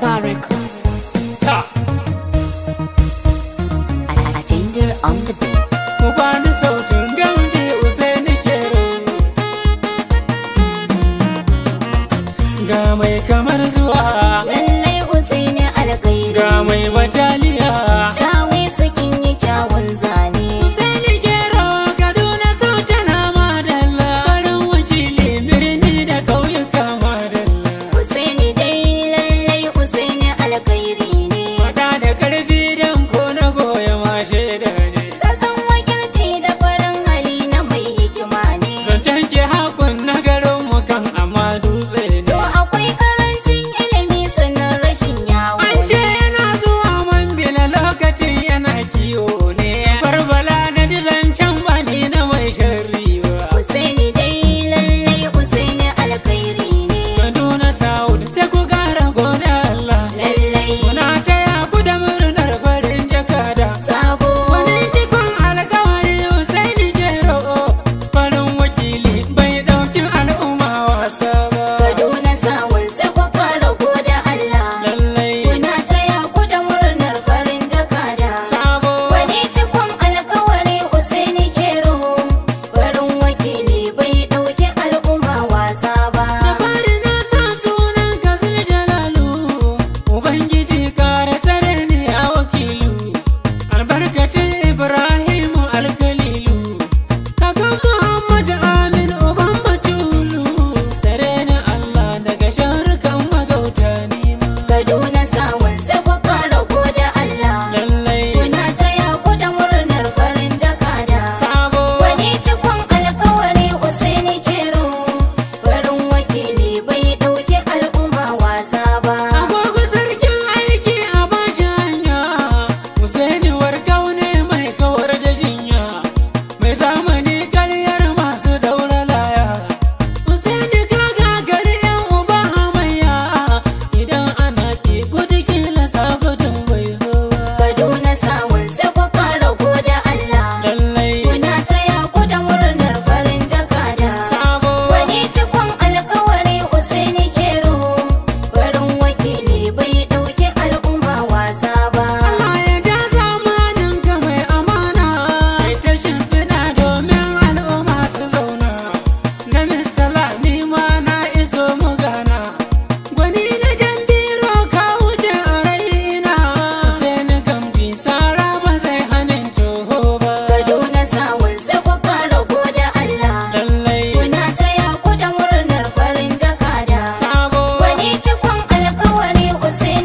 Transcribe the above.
Barrick. Kudamu sin